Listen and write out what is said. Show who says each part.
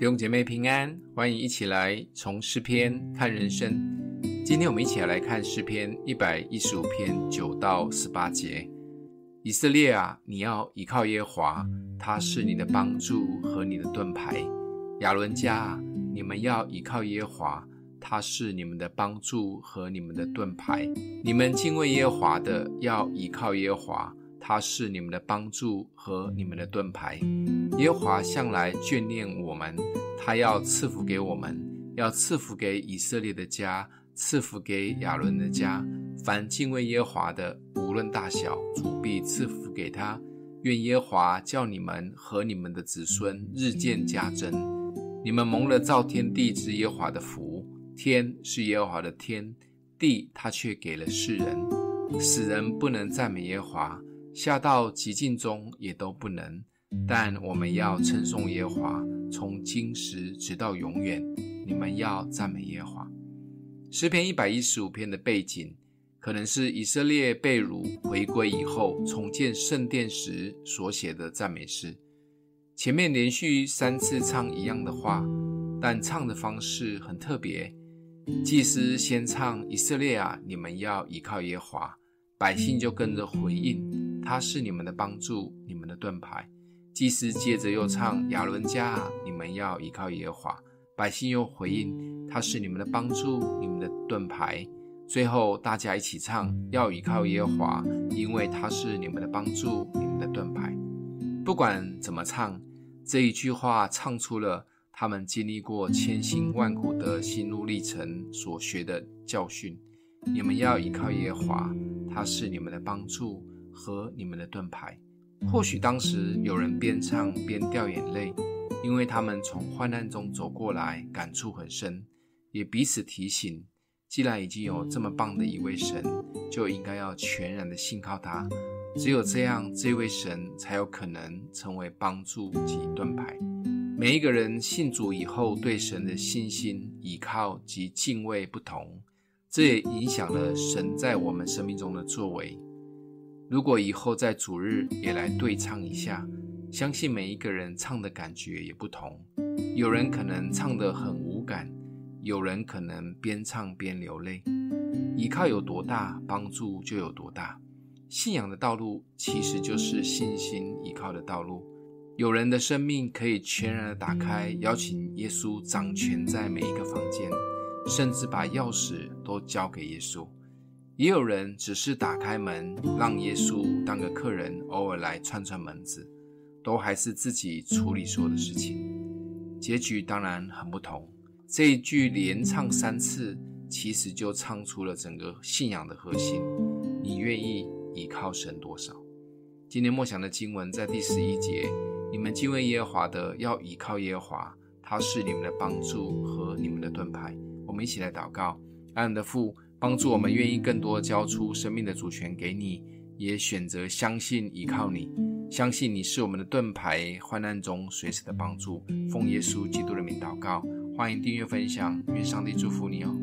Speaker 1: 弟兄姐妹平安，歡迎一起來從詩篇看人生。今天我們一起來看詩篇一百一十五篇九到十八節。以色列啊，你要倚靠耶和華，他是你的幫助和你的盾牌。亞倫家，你們要倚靠耶和華，他是你們的幫助和你們的盾牌。你們敬畏耶和華的，要倚靠耶和華。他是你們的幫助和你們的盾牌，耶和華向來眷念我們，他要賜福給我們，要賜福給以色列的家，賜福給亞倫的家。凡敬畏耶和華的，無論大小，主必賜福給他。願耶和華叫你們和你們的子孫日見加增。你們蒙了造天地之耶和華的福，天是耶和華的天，地他卻給了世人，死人不能讚美耶和華。下到寂靜中也都不能，但我們要稱頌耶和華，從今時直到永遠。你們要讚美耶和華。詩篇一百一十五篇的背景，可能是以色列被擄回歸以後重建聖殿時所寫的讚美詩。前面連續三次唱一樣的話，但唱的方式很特別。祭司先唱以色列啊，你們要倚靠耶和華，百姓就跟着回應。他是你們的幫助，你們的盾牌。祭司接着又唱亞倫家，你們要倚靠耶和華。百姓又回應，他是你們的幫助，你們的盾牌。最後大家一起唱，要倚靠耶和華，因為他是你們的幫助，你們的盾牌。不管怎麼唱，這一句話唱出了他們經歷過千辛萬苦的心路歷程所學的教訓。你們要倚靠耶和華，他是你們的幫助。和你們的盾牌，或許當時有人邊唱邊掉眼淚，因為他們從患難中走過來，感觸很深，也彼此提醒：既然已經有這麼棒的一位神，就應該要全然的信靠他。只有這樣，這位神才有可能成為幫助及盾牌。每一個人信主以後，對神的信心、依靠及敬畏不同，這也影響了神在我們生命中的作為。如果以後在主日也來對唱一下，相信每一個人唱的感覺也不同。有人可能唱得很無感，有人可能邊唱邊流淚。倚靠有多大，幫助就有多大。信仰的道路其實就是信心依靠的道路。有人的生命可以全然的打開，邀請耶穌掌權在每一個房間，甚至把鑰匙都交給耶穌。也有人只是打開門，讓耶穌當個客人，偶爾來串串門子，都還是自己處理所有的事情，結局當然很不同。這一句連唱三次，其實就唱出了整個信仰的核心：你願意倚靠神多少？今天默想的經文在第十一節：你們敬畏耶和華的，要倚靠耶和華，他是你們的幫助和你們的盾牌。我們一起來禱告：愛我們的父。幫助我們願意更多交出生命的主權給你，也選擇相信依靠你，相信你是我們的盾牌，患難中隨時的幫助。奉耶穌基督的名禱告，歡迎訂閱分享，願上帝祝福你哦。